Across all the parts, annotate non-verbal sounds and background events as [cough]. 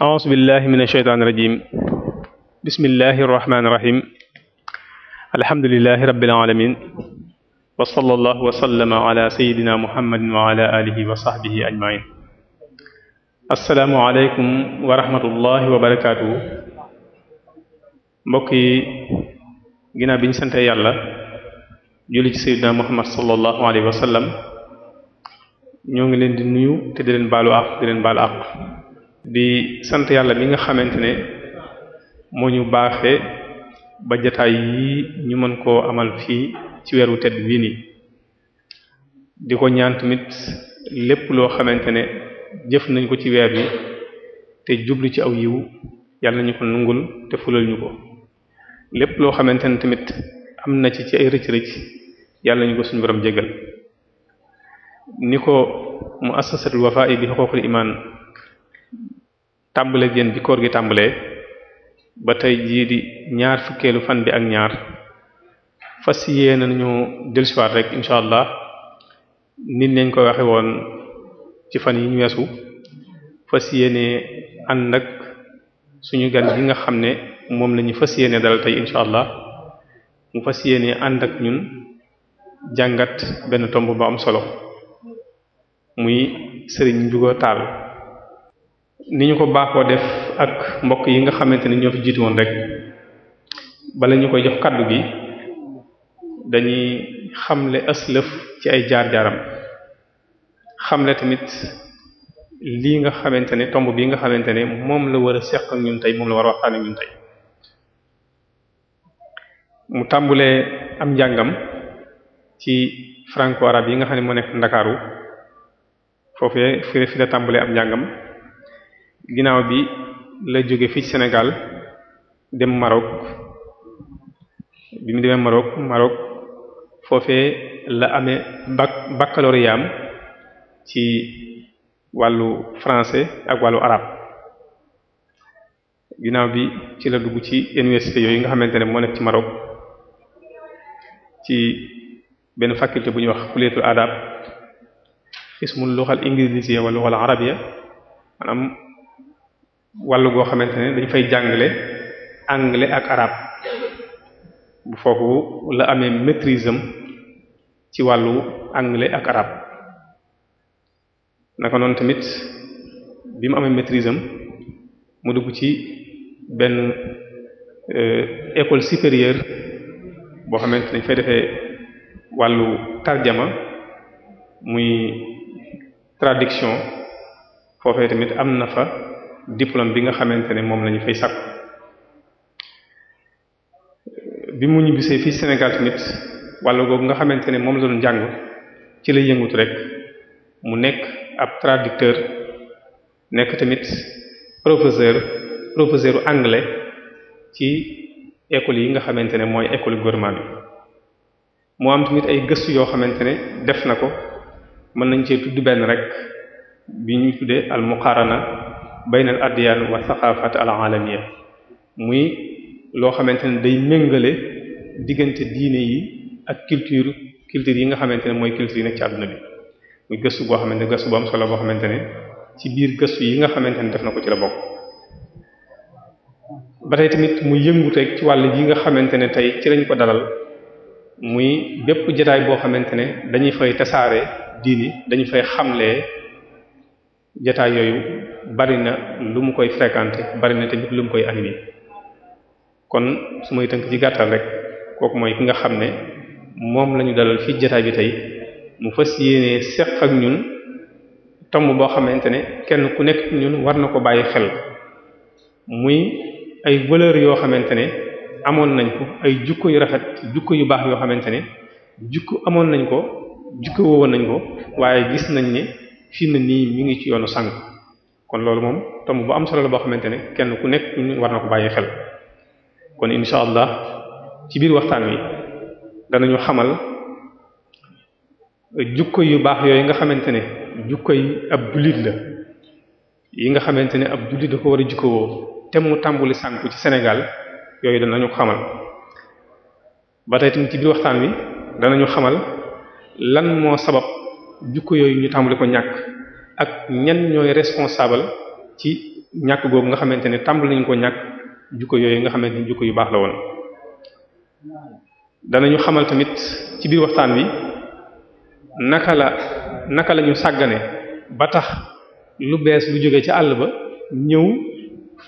aus billahi min asheytaan irajim bismillahi irrahmani irahim alhamdulilahi rabbil alamin wa sallallahu wa sallama ala sayidina muhammadin wa ala alihi wa sahbihi ajmain asalaamu aleykum wa rahmatullahi wa barakatuhu mbokk yi ginnaaw bi ñu sante yàlla julli ci sayidina muhammad sallallahu alayhi wa sallam ñoo ngi leen di nuyu te di leen baalu àq di leen baalu àq di sant yàlla mi nga xamante ne moo ñu baaxee ba jataay yi ñu mën koo amal fii ci weeru tedd bii nii di ko ñaan tamit lépp loo xamante ne jëf nañ ko ci weer bi te jublu ci aw yiw yàlla nañu ko nungul te fulal ñu ko lépp loo xamante ne tamit am na ci ci ay rëcc rëcc yàlla nañu ko suñu borom jégal ni ko mu assasatul Wafa bi xuququl iman tàmbale yéen bi koor gi tàmbalee ba tey jii di ñaar fukkeelu fan bi ak ñaar fas yéene nañu dellusiwaat rek incha allah nit nañ ko waxe woon ci fan yi ñu weesu fas yéene ànd ak suñu gan gi nga xam ne moom la ñu fas yéene dalal tey incha allah mu fas yéene ànd ak ñun jàngat benn tomb ba am solo muy sëriñ Ndiouga Tall ni ñu ko baaxoo def ak mbokk yi nga xamante ni ñoo fi jiitu woon rek bala ñu koy jox kàddu gi dañuy xamle aslëf ci ay jaar-jaaram xamle tamit lii nga xamante ne tomb bii nga xamante ne moom la war a seq ak ñun tey moom la war a waxtaan mu tàmbulee am njàngam ci franco yi nga xam ne moo nekk Ndakaaru foofee fi fi tàmbulee am njàngam ginnaaw bi la jóge fii Sénégal dem Maroc bi mu demee Maroc Maroc foofee la amee bac baccalauréat am ci wàllu français ak wàllu arab ginnaaw bi ci la dugg ci université yooyu nga xamante ne moo nekk ci Maroc ci benn faculté bu ñuy wax kuleetul adab ismul lughal inglisiya wala lughal arabiyya maanaam wàll goo xamante ne dañ fay jàngale anglais ak arabe bu foofu la amee maîtrise am ci wàllu anglais ak arabe naka noonu tamit bi mu amee maîtrise mu dugg ci benn euh, école supérieure boo xamante dañ fay defee wàllu tarjama muy traduction foofee tamit am na fa diplôme bi nga xamante ne moom la ñu fay sàkku bi mu ñibbisee fii Sénégal tamit wàllu googu nga xamante ne moom la doon jàng ci la yëngutu rek mu nekk ab traducteur nekk tamit professeur professeur u anglais ci école yi nga xamante ne mooy école gouvernement moo am tamit ay gëstu yoo xamante ne def na ko mën nañ cee tudd benn rek bi ñu tuddee al baynal adyan wa saxaafat al alamiya muy loo xamante ne day méngale diggante diine yi ak culture culture yi nga xamante ne mooy culture yi nekk ci àdduna bi muy gëstu boo xamante ne gëstu bu boo xamante ne ci biir gëstu yi nga xamante ne def na ko ci la bokk ba tey tamit mu yëngu teg ci wàll yi nga xamante ne tey ci lañ ko dalal muy bépp jotaay boo xamante ne dañuy fay tasaare diini dañu fay xamle jataay yooyu bari na lu mu koy fréquenté bari na tamit lu mu koy animé kon su may tënk ci gàttal rek kooku mooy ki nga xam ne moom lañu ñu dalal fii jataay bi tey mu fas yéenee seq ak ñun tomb boo xamante ne kenn ku nekk ñun war na ko bàyyi xel muy ay valeur yoo xamante ne amoon nañ ko ay jukko yu rafet jukko yu baax yoo xamante ne jukko amoon nañ ko jukko woowoon nañ ko waaye gis nañ ne fi mu nii mu ngi ci yoonu sànq kon loolu moom tomb bu am solo la boo xamante ne kenn ku nekk ñu war na ko bàyyi xel kon incha allah ci biir waxtaan wi danañu xamal jukko yu baax yooyu nga xamante ne jukko yi ab jullit la yi nga xamante ne ab jullit da ko te mu tàmbuli ci Sénégal yooyu danañu ko xamal ba tey tamit ci biir waxtaan wi danañu xamal lan moo sabab. jukko yooyu ñu tàmbali ko ñàkk ak ñan ñooy responsable ci ñàkk googu nga xamante ni tàmbali nañ ko ñàkk jukko yooyu nga xamante ne jukko yu baax la woon ñu xamal tamit ci biir waxtaan wi naka la naka la ñu sàggane ba tax lu bees lu jóge ci àll ba ñëw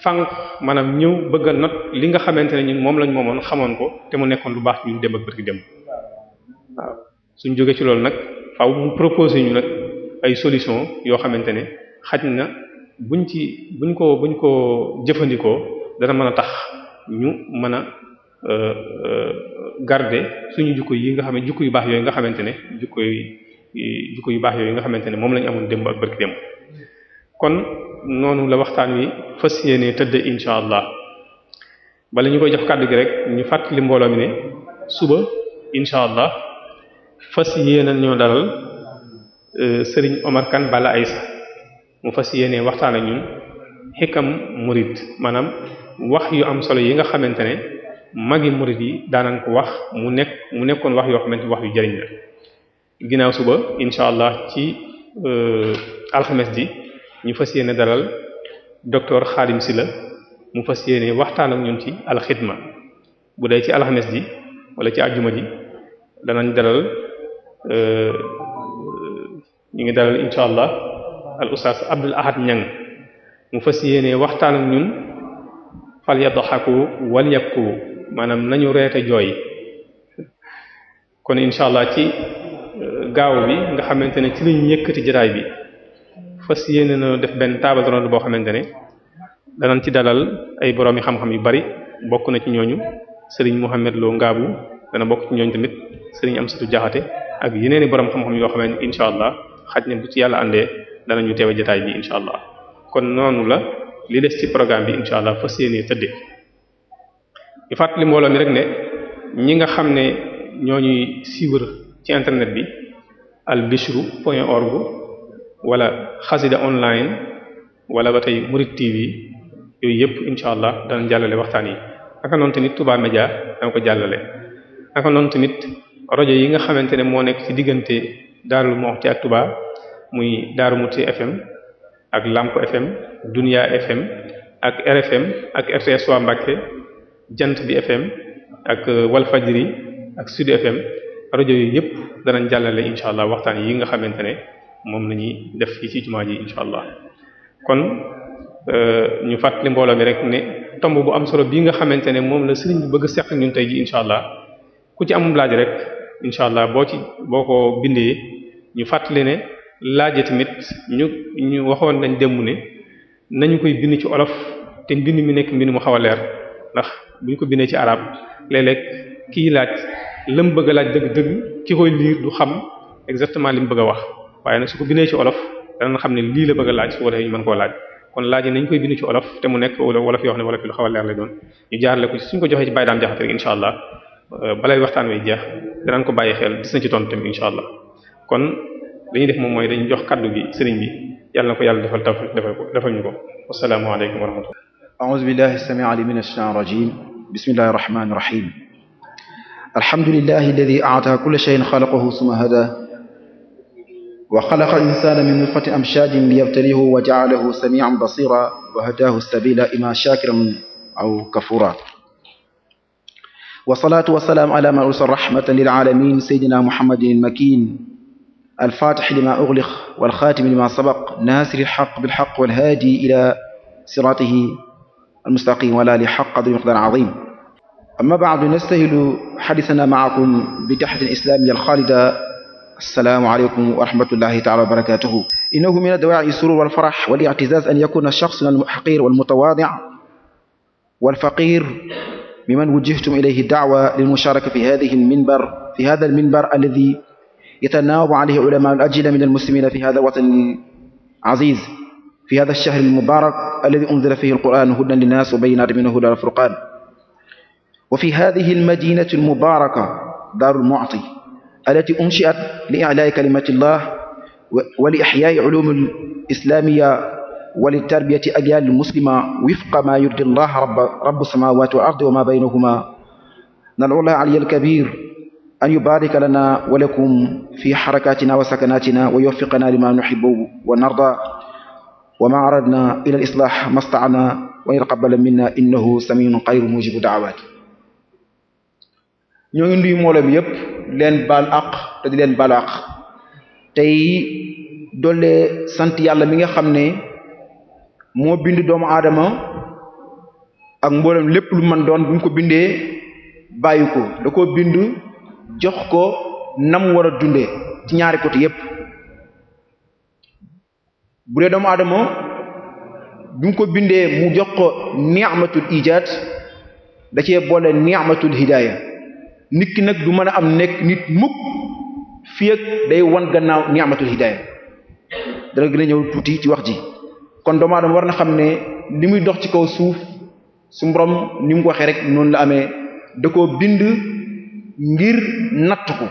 fànq maanaam ñëw bëgg a not li nga xamante ne ñun moom lañ moomoon xamoon ko te mu nekkoon lu baax ñu dem ak bërki dem waaw suñ jóge ci loolu nag faw mu proposé ñu nag ay solution yoo xamante ne xaj na buñ ci buñ ko buñ ko jëfandikoo dana mën a tax ñu mën a euh, euh, garder suñu jukko yi nga xam ne jukko yu baax yooyu nga xamante ne jukko yu jukko yu baax yooyu nga xamante ne moom lañu amoon démb ak barki démb kon noonu la waxtaan wi fas yéenee tëdd insha allah bala ñu koy jox kàddu gi rek ñu fàttali mbooloo mi ne suba insha allah fas yéene ñoo dalal euh, Serigne Omar kan bala Aïssa mu fas yéene waxtaan ak ñun xikam murid maanaam wax yu am solo yi nga xamante ne magi murid yi daanañ ko wax mu nekk mu nekkoon wax yoo xamante wax yu jëriñ la. ginnaaw suba incha allah ci euh, alxames ji ñu fas yéene dalal docteur Khadim Sylla mu fas yéene waxtaan ak ñun ci alxidma bu dee ci alxames ji wala ci àjjuma ji danañ dalal. ñu ngi dalal incha allah al ustaas Abdul Ahad Niang mu fas yéene waxtaan ak ñun fal yadhaku wal yakku maanaam nañu reete jooy kon incha allah ci e, gaaw bi nga xamante ne ci lañu yëkkati jataay bi fas yéene na def benn taabal ronde boo xamante ne danañ ci dalal ay boroomi xam-xam yu bari bokk na ci ñooñu sëriñ Mouhamed loo Ngaabu dana bokk ci ñooñu tamit sëriñ Amsatu Jaxate ak yeneen i borom xam-xam yoo xam ne allah xaj na bu ci yàlla àndee danañu teewe jotaay bi incha allah kon noonu la li des ci programme bi incha allah fas yéenee fàttali mbooloo mi rek ne ñi nga xam ne ñoo ñuy suivre ci internet bi albishru point org wala xasida online wala ba tey Murid TV yooyu yëpp incha allah danañ jàllale waxtaan yi naka noonu tamit Touba Média danga ko jàllale naka noonu tamit. rajo yi nga xamante ne moo nekk ci diggante Darou Moukhty ak Touba muy Darou ci FM ak Lamp FM Dunia FM ak RFM ak RTS waa Mbacké Jant bi FM ak euh, Walfajri ak Sud FM rajo yi yëpp danañ jàllale incha allah waxtaan yi nga xamante ne moom la ñuy def fii ci jumaa ji incha allah kon euh, ñu fàttali mbooloo mi rek ne tomb bu am solo bii nga xamante ne moom la sëriñ bi bëgg a seq ñun tey ji incha allah. ku ci amum laaj rek incha allah boo ci boo ko bindee ñu fàttali ne laaj yi tamit ñu ñu waxoon nañ démb ne nañu koy bind ci olof te mbind mi nekk mbind mu xaw a leer ndax bu ñu ko bindee ci arab léeg-léeg kii laaj lam bëgg a laaj dëgg-dëgg ki koy liir xam exactement li mu wax waaye nag su ko bindee ci olof danañ lii a laaj su ko defee ñu kon laaj nañ koy bind ci olof mu nekk wolof yoo xam wolof lu xaw leer lay doon ñu jaarale ko suñ ko joxee ci Baye Dame Diakhaté rek incha allah Euh, balay waxtaan wi jeex danañ ko bàyyi xel gis na ci tontu tamit incha allah kon li ñuy def moom mooy dañu jox kaddu gi sëriñ bi yàlla na ko yàlla defal taw defal ko defal ñu ko wasalaamualeykum wa rahmatullah a'udhu billahi as-sami'i 'alim minash shaytanir rajim bismillahir rahmanir rahim alhamdulillahi alladhi a'ta kulla shay'in khalaqahu thumma hada wa khalaqa al-insana min nutfatin amshajin liyabtalihi wa ja'alahu sami'an basira wa hadahu as-sabila imma shakiran aw kafura wasalaatu wasalaam ala man ursa rahmatan lil alamin sayyidina muhammadin makin alfatixi lima uxliq walxaatimi lima sabaq nasiri lxaq bilxaq walhaadi ila siratihi almustaqim wala li xaq qadri miqdaar azim amma baado nastahilu xadisana maakum bi taxtin islamia alxaalida assalaamu aleykum wa rahmatullahi taala wa barakatuhu innahu min adawaaci surur walfarax walictizaaz an yakuna shaxsun alxaqir walmutawaadic walfaqir بمن وجهتم إليه الدعوة للمشاركة في هذه المنبر في هذا المنبر الذي يتناوب عليه علماء الأجيال من المسلمين في هذا الوطن العزيز في هذا الشهر المبارك الذي أنزل فيه القرآن هدى للناس وبينات من هدى الفرقان وفي هذه المدينة المباركة دار المعطي التي أنشئت لإعلاء كلمة الله ولإحياء علوم الإسلامية wali tarbiyati ak yallil muslima wifqa ma yurdi allah rabba rabbu samawati wal ardi wa ma baynahuma nalula aliyal kabir an yubarika lana wa lakum fi harakatina wa sakanatina wa yuwaffiqana lima nuhibbu wa narda wa ma aradna ila al islah masta'ana wa yataqabbal minna innahu samiun qarib mujibu da'awat ñoo ngi nuyu mbooloo bi yépp leen baal àq te di leen baal àq tey doole sant yàlla mi nga xam ne moo bind doomu aadama ak mboolem lépp lu man doon bu mu ko bindee bàyyi ko da koo bind jox ko namm war a dundee ci ñaari côté yépp bu dee doomu aadama bi mu ko bindee mu jox ko ni'matul ijaad da cee boole ni'matul hidaaya nit ki nag du mën a am nekk nit mukk fii ak day wan gannaaw ni'matul hidaaya dara gën a ñëw tuuti ci wax ji kon doomu war na xam ne li muy dox ci kaw suuf su borom ni mu ko waxee rek noonu la amee da koo bind ngir natt ko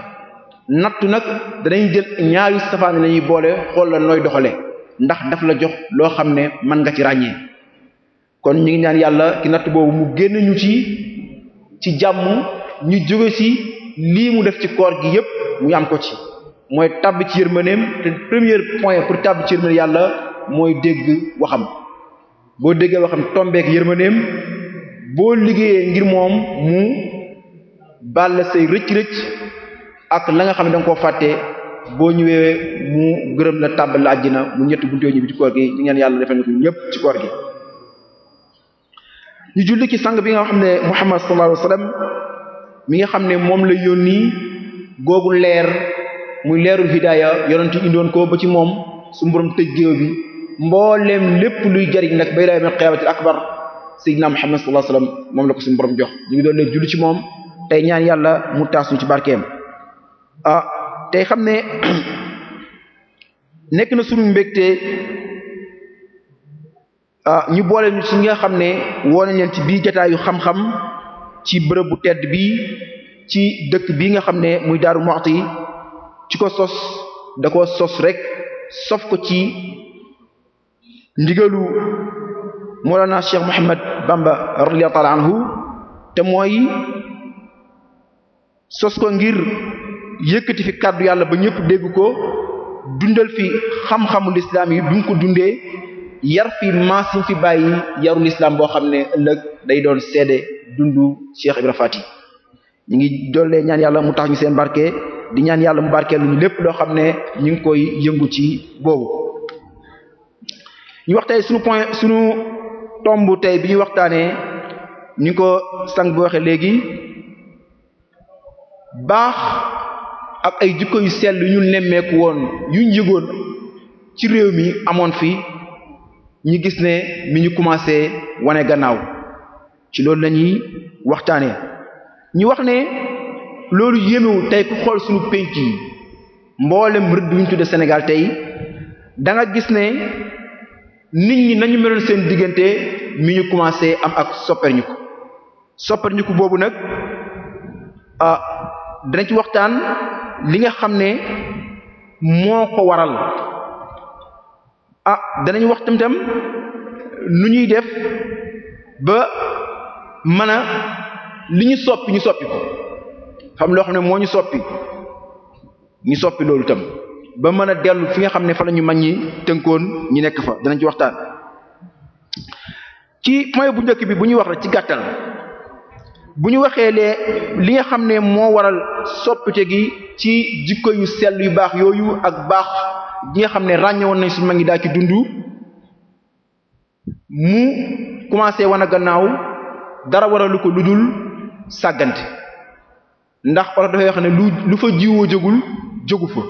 natt nag danañ jël ñaari safaan la ñuy boole xool la nooy doxale ndax daf la jox loo xam ne mën nga ci ràññee kon ñu ngi ñaan yàlla ci natt boobu mu génn ñu ci ci jàmm ñu jóge ci lii mu def ci koor gi yépp mu am ko ci mooy tàbb ci yërmaneem te premier point pour tàbb ci yërmane yàlla mooy dégg waxam boo déggee waxam tombeek yërmandeem boo liggéeyee ngir moom mu bàll say rëcc-rëcc ak la nga xam ne danga koo fàtte boo ñëwee mu gërëm la tàbbal la àjjana mu ñetti buntoo ñibbi ci koor gi ñu ngeen yàlla defal ñëpp ci koor gi ñu sang bi nga xam ne Muhammad sallallahu alayhi wasallam mi nga xam ne moom la yónni googu leer muy leerul hidaaya yonent indoon ko ba ci moom su mborom tëj géew bi mbooleem lépp luy jariñ nag bay daamal xiyaamatil akbar sayyidina Muhammad sallallahu alayhi wasallam moom la ko si borom jox ñu ngi doon leen julli ci moom tey ñaan yàlla mu taasuñu ci barkeem ah tey xam ne [clears throat] nekk na suñu mbégte ah ñu boole ñu ci nga xam ne woo leen ci biir jataayu xam-xam ci bërëb bu tedd bi ci dëkk bi nga xam ne muy Daaru Muxti ci ko sos da ko sos rek sof ko ci ndigalu Mawlana Cheikh Mouhamed Bamba radiyallahu ta'ala anhu te mooy sos ko ngir yëkkati fi kàddu yàlla ba ñëpp dégg ko dundal fi xam-xamul islam yi duñ ko dundee yar fi maasin fi bàyyi yarul islam boo xam ne ëllëg day doon seede dundu Cheikh Ibra Fati ñu ngi dollee ñaan yàlla mu tax ñu seen barke di ñaan yàlla mu barkeel ñu lépp loo xam ne ñu ngi koy yëngu ci boobu ñu wax tey suñu point suñu tomb tey bi ñu waxtaanee ñu ko sang bu waxee léegi baax ak ay jikko yu sell yu ñu nemmeeku woon yu ñu yëgoon ci réew mi amoon fii ñu gis ne mi ñu commencé wane gannaaw ci loolu lañuy waxtaanee ñu wax ne loolu yémewu tey ku xool suñu penc yi mboolem rëdd bi ñu tudde Sénégal tey da gis ne nit ñi nañu meloon seen diggante mi ñu commencé am ak sopperñiku sopperñiku boobu nag a ah, dana ci waxtaan li nga xam ne moo ko waral ah danañ wax tam tam nu ñuy def ba mën a li ñu soppi ñu soppi ko xam loo xam ne moo ñu soppi ñu soppi loolu tam ba mën a dellu fi nga xam ne fa la ñu mag ñi tënkoon ñu nekk fa danañ ci waxtaan ci mooy bu njëkk bi bu ñuy wax la ci gàttal bu ñu waxee lee li nga xam ne moo waral soppite gi ci jikko yu sell yu baax yooyu ak baax gi nga xam ne ràññewoon nañ suñu mag ñi daal ci dund mu commencé wan gannaaw dara waralu ko lu dul sàggante ndax olof dafay wax ne lu lu fa jiwoo jógul jógu fa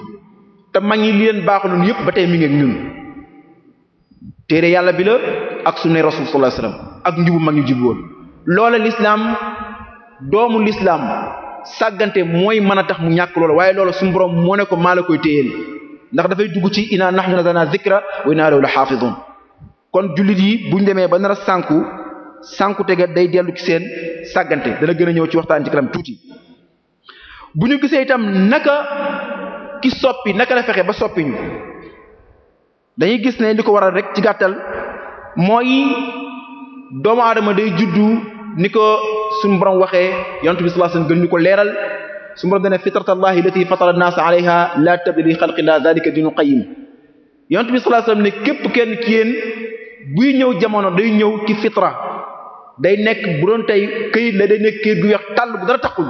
te mag ñi li leen baaxuloon yëpp ba tey mi ngi ak ñun téere yàlla bi la ak sunna rasul sallallahu alayhi ak njubu mag ñu jub woon loola lislaam doomu lislaam sàggante mooy mën a tax mu ñàkk loola waaye loola suñu borom moo ne ko maa la koy téyeel ndax dafay dugg ci inaa nahnu nazzalna zikra wa inaa lahu lahafizun kon jullit yi buñ demee ba nara a sànku sànku tega day dellu ci seen sàggante dana gën ñëw ci waxtaan ci kanam tuuti bu ñu gisee itam naka ki soppi naka la fexe ba soppi ñu dañuy gis ne li ko waral rek ci gàttal mooy doomu aadama day juddu ni ko suñu borom waxee yonent bi sallallahu alayhi wasallam gën ñu ko leeral suñu borom dana fitratallahi allati fatara an-nasa alayha la tabdila li xalqillah zalika dinul qayyim yonent bi ne képp kenn ci yéen buy ñëw jamono day ñëw ci fitra day nekk bu doon tey këyit la day nekk këyit gu weex tàll bu dara taxul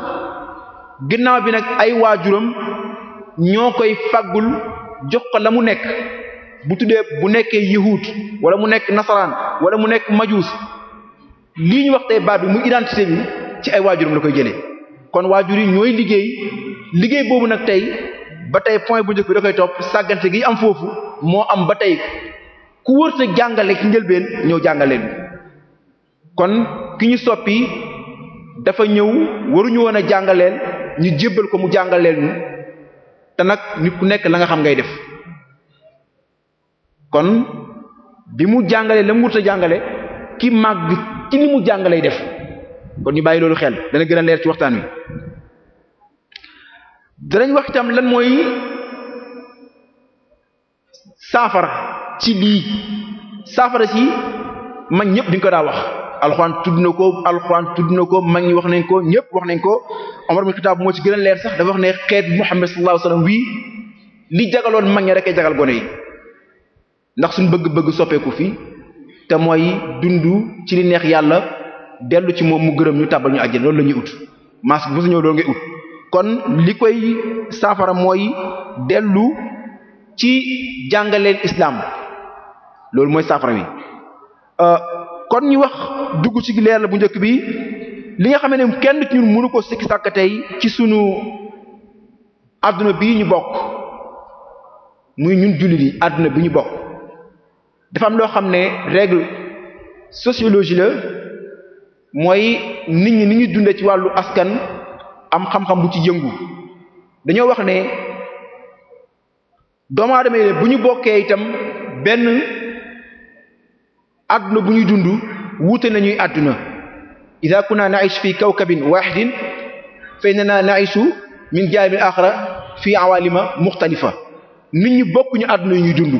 ginnaaw bi nag ay waajuram ñoo koy faggul jox ko la mu nekk bu tuddee bu nekkee yahuud wala mu nekk nasaraan wala mu nekk majuus lii ñu wax tey baat bi muy identité bi ci ay waajurum la koy jële kon waajur yi ñooy liggéey liggéey boobu nag tey ba tey point bu njëkk bi da koy topp sàggante gi am foofu moo am ba tey ku wërta jàngale ci njëlbeen ñëw jàngaleen kon ki ñu soppi dafa ñëw waruñu woon a jàngaleen ñu jébbal ko mu jàngaleen te nag nit ku nekk la nga xam ngay def kon bi mu jàngalee la mu wut jàngale ki màgg ci li mu jàngalay def kon ñu bàyyi loolu xel dana gën a leer ci waxtaan wi danañ wax itam lan mooy saafara ci lii saafara si man ñëpp di ko daa wax alxuraan tudd na ko alxuraan tudd na ko mag ñi wax nañ ko ñëpp wax nañ ko Omar bin Xataab moo ci gën a leen sax dafa wax ne xeet Muhammad sallallahu alayhi wasallam wii li jagaloon mag ñi rek ay jagal gone yi ndax suñ bëgg-bëgg soppeeku fii te mooy dund ci li neex yàlla dellu ci moom mu gërëm ñu tàbbal ñu àjjana loolu la ñuy ut mas bu su ñëw loolu ngay ut kon li koy saafara mooy dellu ci jàngaleen islaam loolu mooy saafara wi euh, kon ñu wax dugg ci leer la bu njëkk bi li nga xam ne kenn ci ñun mënu ko sikki sàkk tey ci suñu àdduna bi ñu bokk muy ñun jullit yi àdduna bi ñu bokk dafa am loo xam ne règle sociologie la mooy nit ñi ni ñuy dunde ci wàllu askan am xam-xam bu ci jëngu dañoo wax ne doomu aadama bu ñu bokkee itam benn àdduna bu ñuy dund wuute nañuy àdduna ida kunna na'ish fi kawkabin wahidin fa innana na'ishu min jaybin akhra fi awalima mukhtalifa nit ñi bokkuñu àdduna yu ñuy dund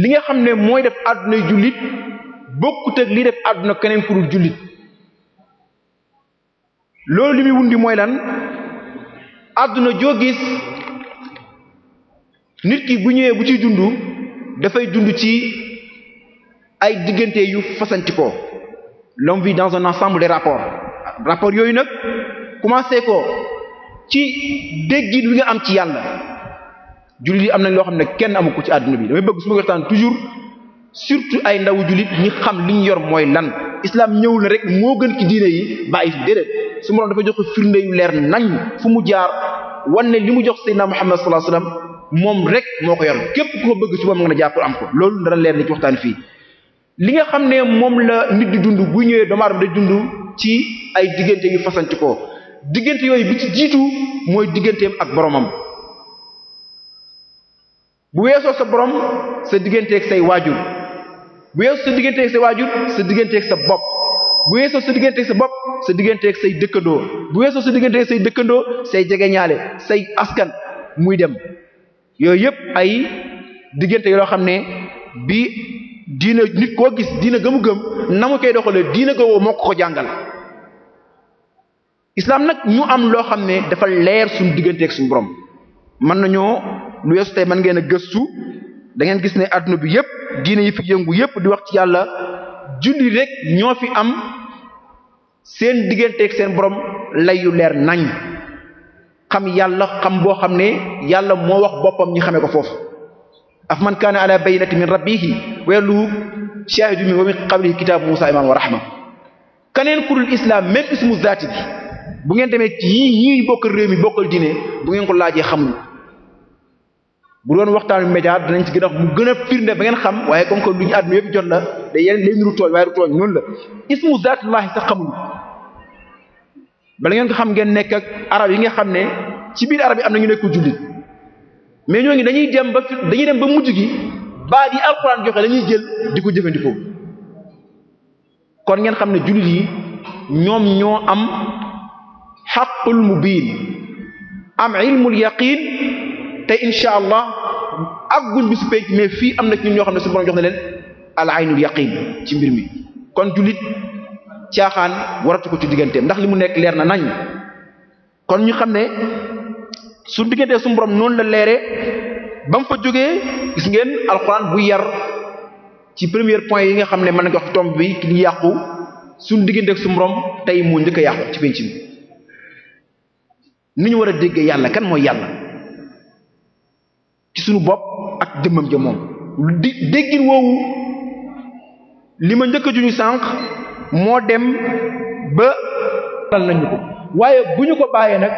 li nga xam ne mooy def àdduna yu jullit bokkut li def àdduna keneen ku dul jullit loolu li muy wundi mooy lan àdduna joo gis nit ki bu ñëwee bu ciy dund dafay dund ci ay diggante yu fasanti ko l'homme vit dans un ensemble des rapports rapport yooyu nag commencé ko ci déggin lu ñu am ci yàlla jullit yi am nañ loo xam ne kenn amu ko ci àdduna bi damay bëgg su ma waxtaan toujours surtout ay ndawu jullit ñi xam li ñu yor mooy lan islaam ñëwul na rek moo gën ci diine yi bàyyi fi déedéet su ma dafa jox ko firnde yu leer nañ fu mu jaar wan ne li mu jox sayyidina Muhammad sallallahu alayhi wasallam moom rek moo ko yor képp ku ko bëgg suba mu nga a jàpp am ko loolu dana leer ni ci waxtaan fii li nga xam ne moom la nit di dund bu ñëwee doomu aadama day dund ci ay diggante yu fasanti ko diggante yooyu bi ci jiitu mooy digganteem ak boromam bu weesoo sa boroom sa digganteek say waajur bu weesoo sa digganteeg say waajur sa digganteeg sa bopp bu weesoo sa digganteeg sa bopp sa digganteek say dëkkandoo bu weesoo sa digganteeg say dëkkandoo say jegeñaale say askan muy dem yooyu yëpp ay diggante yoo xam ne bi diina nit koo gis diina gëmu gëm na mu koy doxalee diina ko moo ko ko jàngal islam nag ñu am loo xam ne dafa leer suñu digganteeg suñu boroom mën nañoo lu yeesu tey mën ngeen a gëstu dangeen gis ne àdduna bi yépp diina yi fi yëngu yépp di wax ci yàlla julli rek ñoo fi am seen digganteeg seen borom lay yu leer nañ xam yàlla xam boo xam ne yàlla moo wax boppam ñi xamee ko foofu. af man kaana ala bayyinati min rabbihi wa yalluhu shaahidu min wa min qablihi kitaabu Musa imaam wa rahma kaneen kurul islam même ismu zaati bi bu ngeen demee ci yii ñii bokkal réew mi bokkal diine bu ngeen ko laajee xamuñu bu doon waxtaan bi média danañ ci gën mu gën a firnde ba ngeen xam waaye comme que lu ñu àdduna yëpp jot la day yeneen lay niru tooñ waaye du tooñ noonu la ismu zaatullahi sax xamuñu bala ngeen ko xam ngeen nekk ak arab yi nga xam ne ci biir arab yi am na ñu nekk mais ñoo ngi dañuy dem ba dañuy dem ba mujj gi baat yi alxuraan joxe dañuy jël di ko jëfandikoo kon ngeen xam ne jullit yi ñoom ñoo am xaqul mubiin am ilmul yaqiin te incha allah agguñ bi su penc mais fii am na ci ñoo xam ne su borom jox na leen al aynul yaqiin ci mbir mi kon jullit caaxaan waratu ko ci digganteem ndax li mu nekk leer na nañ kon ñu xam ne suñ diggante suñu borom noonu la leere ba mu fa jógee gis ngeen alxuraan bu yar ci première point yi nga xam ne mën nga jox tomb bi li yàqu suñ diggante suñu borom tey moo njëkk yàqu ci penc mi ni ñu war a déggee yàlla kan mooy yàlla ci suñu bopp ak jëmmam ja moom di déggin woowu li ma njëkk a juñu sànq moo dem ba lal nañu ko waaye bu ñu ko bàyyee nag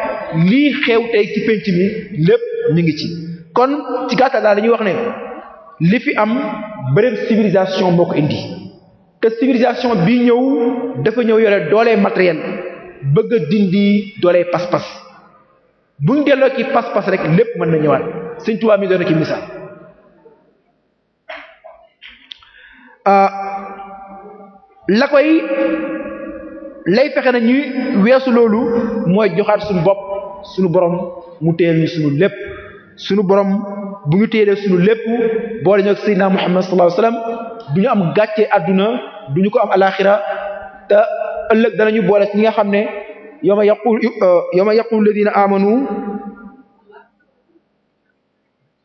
lii xew tey ci pénc mi lépp ñu ngi ci kon ci gàttal daal dañuy wax ne li fi am bëri civilisation moo ko indi te civilisation bi ñëw dafa ñëw yore doole matériel bëgg a dindi doole pas-pas buñ delloo ci pas-pas rek lépp mën na ñëwaat Sëriñ Tuubaa mi doon ci misaal ah, la koy lay fexe na ñuy weesu loolu mooy joxaat suñu bopp suñu borom mu téyel ñu suñu lépp suñu borom bu ñu téyelee suñu lépp boole ñu ak Seydina Muhammad sallallahu alayhi wasallam du ñu am gàccee àdduna du ñu ko am alaxira te ëllëg danañu boole ci ñi nga xam ne yawma yaqul euh, yawma yaqul alladhina amanu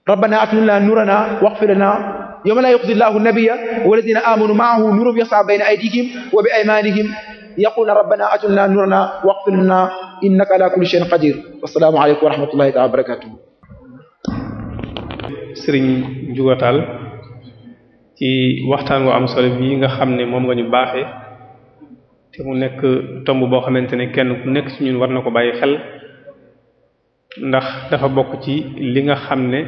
rabbana atina nurana waghfir lana yawma la yukhzi Allahu nabiyya walladhina amanu ma'ahu nurun yas'a bayna aydihim wa bi aymanihim yaquluna rabbana atina nurana waqfir lana innaka ala kulli shay'in qadir wasalaamu aleykum wa rahmatullahi taala wa barakatuhu sëriñ Njugatal ci waxtaan wu am solo bii nga xam ne moom nga ñu baaxee te mu nekk tomb boo xamante ne kenn ku nekk ci ñun war na ko bàyyi xel ndax dafa bokk ci li nga xam ne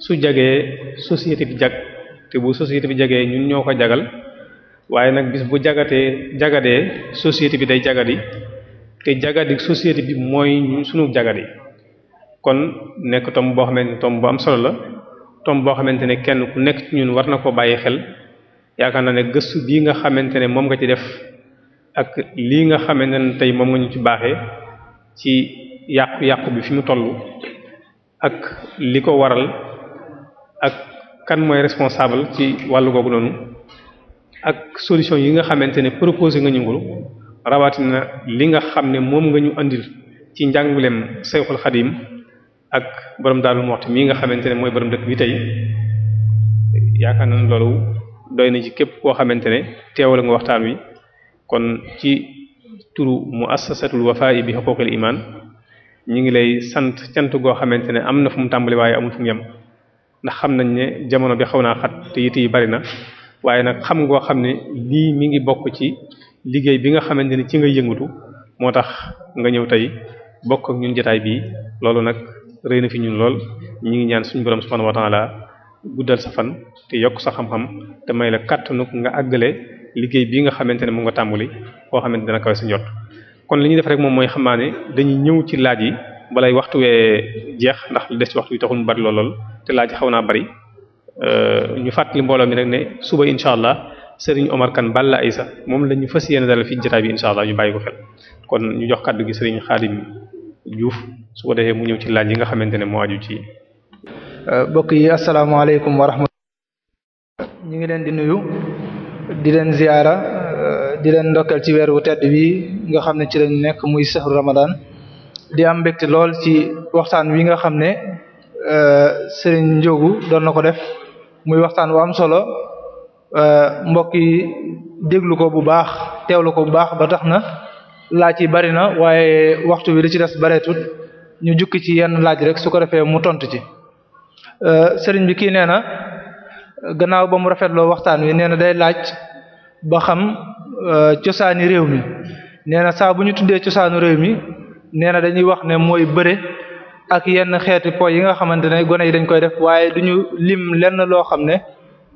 su jagee société bi jag te bu société bi jagee ñun ñoo ko jagal waaye nag bis bu jagatee jagadee société bi day jagadi te jagadi société bi mooy sunu jagadi kon nekk tom boo xamante ne tom bu am solo la tom boo xamante ne kenn ku nekk ci ñun war na ko bàyyi xel yaakaar naa ne gëstu bii nga xamante ne moom nga ci def ak lii nga xamante ne tey moom nga ñu ci baaxe ci yàqu-yàqu bi fi mu toll ak li ko waral ak kan mooy responsable ci wàll googu noonu ak solution yi nga xamante ne proposé nga ñu ngul rawatina li nga xam ne moom nga ñu andil ci njàngulem Sayxul Xadim ak borom Darou Moukhty mii nga xamante ne mooy borom dëkk bi tey yaakaar na loolu doy na képp koo xamante ne teewal nga waxtaan wi kon ci turu muassasatul Wafa'i bi huquqil imaan ñu ngi lay sant cant goo xamante ne am na fu mu tàmbali waaye amul fu mu ndax xam nañ ne jamono bi xaw naa xat te yite yi bari na waaye nag xam ngoo xam ne lii mi ngi bokk ci liggéey bi nga xamante ne ci nga yëngatu moo tax nga ñëw tey bokk ak ñun jotaay bii loolu nag rëy na fi ñun lool ñu ngi ñaan suñu borom subhanahu wa ta'ala guddal sa fan te yokk sa xam-xam te may la kàttanu nga àggale liggéey bii nga xamante ne mu nga tàmbali koo xamante dana kawe sa njot kon li ñuy def rek moom mooy xam naa ne dañuy ñëw ci laaj yi balay waxtu wee jeex ndax des ci waxtu yi taxul mu bari lool lool laaj xaw naa bari Euh, ñu fàttali mbooloo mi rek ne suba incha allah Serigne Omar Kane ay sax moom la ñu fas yéene dalal fii jotaay bi incha allah ñu bàyyi ko xel kon ñu jox kàddu gi Serigne Khadim Diouf su ko defee mu ñëw ci laaj yi nga xamante ne moo aju ci. Euh, mbokk yi asalaamaaleykum wa rahmatullah ngi leen di nuyu di leen ziyaara euh, di leen ndokkal ci weer wu nga xam ne ci lañu nekk muy sahru Ramadan di am mbégte lool ci waxtaan wi nga xam ne Serigne Ndiogu doon na ko def. muy waxtaan wa am solo e, mbokk yi déglu ko bu baax teewlu ko bu baax ba tax na laaj yi bari na waaye waxtu wi li ci des bareetut ñu jukki ci yenn laaj rek su ko defee mu tontu ci e, sëriñ bi kii nee na gannaaw ba mu rafetloo waxtaan wi nee na day laaj ba xam e, cosaani réew mi nee na saa bu ñu tuddee cosaanu réew mi nee na dañuy wax ne mooy bëre ak yenn xeeti po yi nga xamante ne gone yi dañ koy def waaye duñu lim lenn loo xam ne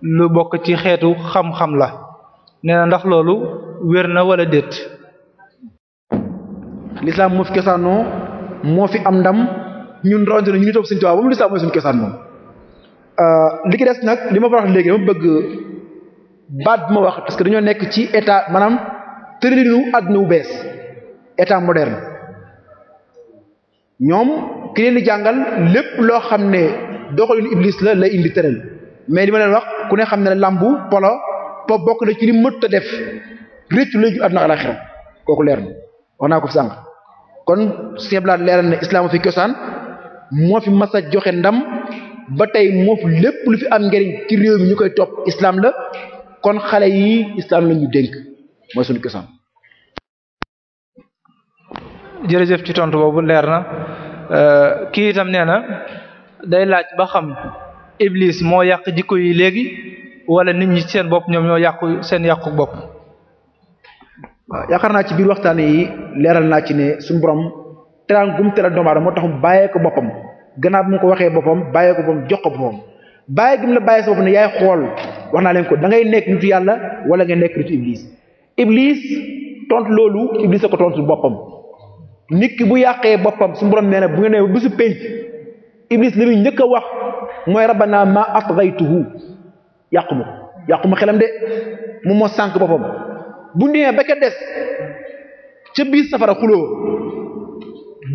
lu bokk ci xeetu xam-xam la nee na ndax loolu wér na wala déet lislaam moo fi cosaanoo moo fi am ndam ñun rawante na ñu ngi topp suñu tubaab moom lislaam mooy suñu cosaan moom euh, li ki des nag li ma wax léegi dama bëgg baat bi ma wax parce que dañoo nekk ci état maanaam tëralinu àdduna wu bees état moderne ñoom ki leen di jàngal lépp loo xam ne doxalinu iblis la lay indi tëral mais li ma leen wax ku ne xam ne lambu polo po bokk na ci li mënut a def réccu lay ju àdduna alaxira kooku leer na wax naa ko fi sànq kon seeblaat leeral ne islaama fi cosaan moo fi masa joxe ndam ba tey moo fi lépp lu fi am njariñ ci réew mi ñu koy topp islaam la kon xale yi islam la ñu dénk mooy suñu cosaan jërëjëf ci tontu boobu leer na Euh, kii itam nee na day laaj ba xam iblis moo yàq jikko yi léegi walla nit ñi seen bopp ñoom ñoo yàqu seen yàqu bopp. waaw yaakaar naa ci biir waxtaan yi leeral naa ci ne suñu borom teraan gum teral doomu aadama moo tax mu bàyyee ko boppam gannaaw bi mu ko waxee boppam bàyyee ko boppam jox ko boppam bàyyi gi mu la bàyyee sa bopp ne yaay xool wax naa leen ko da ngay nekk nitu yàlla wala nga nekk nitu iblis. iblis tontu loolu iblis a ko tontu boppam. nit ki bu yàqee boppam su borom nee na bu nga nee bisu penc iblis li muy njëkk a wax mooy rabbana ma atghaytuhu yàqu ma yàqu ma xelam de moom moo sànq boppam bu nee ba ca des ca biir safara xuloo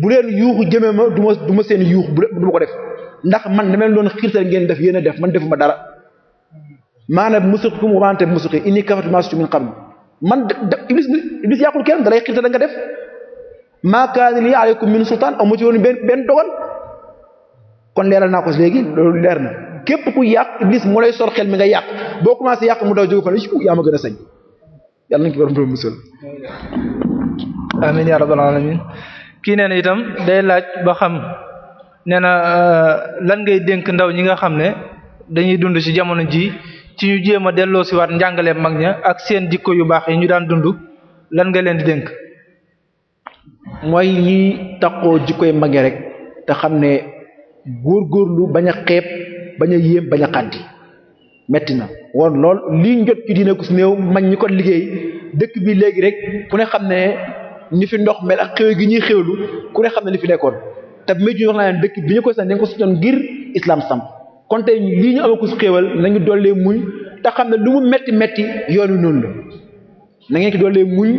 bu leen yuuxu jëmee ma duma du ma seen yuux bu du ma ko def ndax man dama leen doon xiirtal ngeen def yéen a def man defuma dara maanaam musuqkum wa antum musuqi inni kafartu ma min qabl man iblis iblis yàqul kenn dalay xiirtal nga def maa kaana lii aleykum min sultaan amu ci woon benn benn dogal kon leeral naa ko léegi loolu leer na képp ku yàq iblis moo lay sor xel mi nga yàq boo commencé yàq mu daw jóg fan yii yaa ma a sañ yàlla nañ ko borom doon musal. amiin yaa rabbal alamin kii nee na itam day laaj ba xam nee na lan ngay dénk ndaw ñi nga xam ne dañuy dund ci jamono ji ci ñu jéem a delloosiwaat njàngaleem mag ña ak seen jikko yu baax yi ñu daan dund lan nga leen di dénk. mooy ñi taqoo jikkoy mage rek te xam ne góor góorgóorlu bañ a xeeb bañ a yéem bañ a xàddi metti na woon lool lii njot ci diine ku si néew mañ ñi kon liggéey dëkk bi léegi rek ku ne xam ne ni fi ndox mel ak xew gi ñuy xewlu ku ne xam ne li fi nekkoon te bu may wax naa leen dëkk bi ñu ko san dañ ko sotoon ngir islam samp kon tey lii ñu amaku si xéewal nañu dollee muñ te xam ne lu mu metti metti yoonu noonu la na ci dollee muñ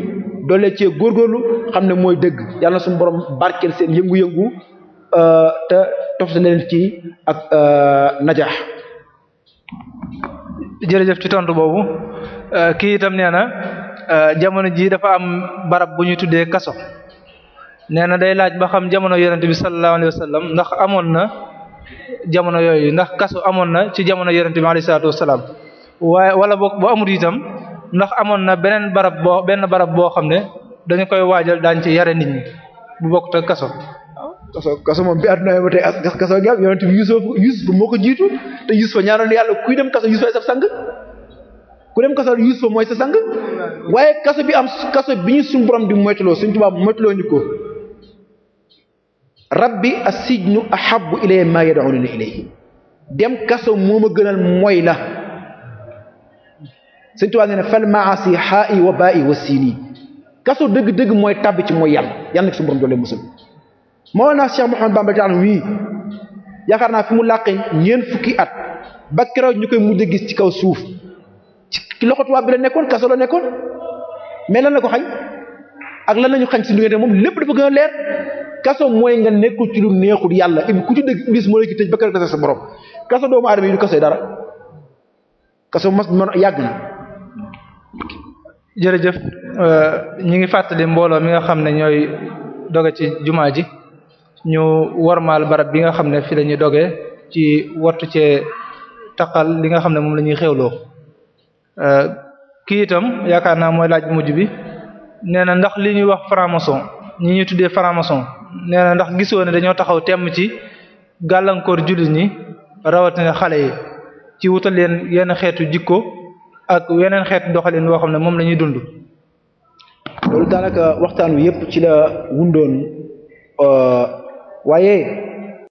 doole cee góorgóorlu xam ne mooy dëgg yàlla na suñu borom barkeel seen yëngu-yëngu euh, te toftal leen ci ak euh, najaax. jërëjëf ci tontu boobu euh, kii itam nee na jamono ji dafa am barab bu ñuy tuddee kaso nee na day laaj ba xam jamono yonent bi sallallahu ndax amoon na jamono yooyu ndax kaso amoon na ci jamono yonent bi alayhi salaatu waaye wala boog bu amul ndax amoon na beneen barab boo benn barab boo xam ne dañu koy waajal daañ ci yare nit ñi bu bokkut ak kaso kaso kaso moom bi àdduna ba tey as kaso gi am yonent bi Yuusuf Yuusuf ko jiitu te Yuusuf yàlla kuy dem kaso Yuusuf ay sa sang ku dem kaso Yuusuf mooy sa sang waaye kaso bi am kaso bi ñu suñu di moytuloo suñ tubaab moytuloo ñu ko rabbi as-sijnu ahabbu ilayya ma yad'unani ilayhi dem kaso moo ma gënal mooy la sëñ Tuubaa nee na fal maasi xaa i wa baa i wa siini kaso dëgg-dëgg mooy tàbbi ci mooy yàlla yàlla na su borom doole musul moo naa Cheikh yaakaar naa fi mu làqe ñeent fukki at ba keroog ñu koy mujj gis ci kaw suuf ci loxo tubaab la nekkoon kaso la nekkoon mais lan ne ko xañ ak lan nañu xañ si diggante moom lépp dafa gën a leer kaso mooy nga nekkul ci lu neexul yàlla ib ku ci dëgg iblis moo la ci tëj ba keroog sa borom kaso doomu aadama yi du kaso dara kaso mas mën yàgg na jërëjëf euh, ñi ngi fàttali mbooloo mi nga xam ne ñooy doge ci jumaa ji ñu wormaal barab bi nga xam ne fi lañuy doge ci wattu ce taqal li nga xam ne moom lañuy xewloo euh, kii itam yaakaar naa mooy laaj bu mujj bi nee na ndax li ñuy wax franc-maçon ñi ñuy tuddee franc-maçon nee na ndax gisoo ne dañoo taxaw temm ci gàllankoor jullit ñi rawatina xale yi ci wutal leen yenn xeetu jikko ak weneen xeet doxalin woo xam ne moom la ñuy dund loolu daanaka waxtaan wi yépp ci la wundoon euh, waaye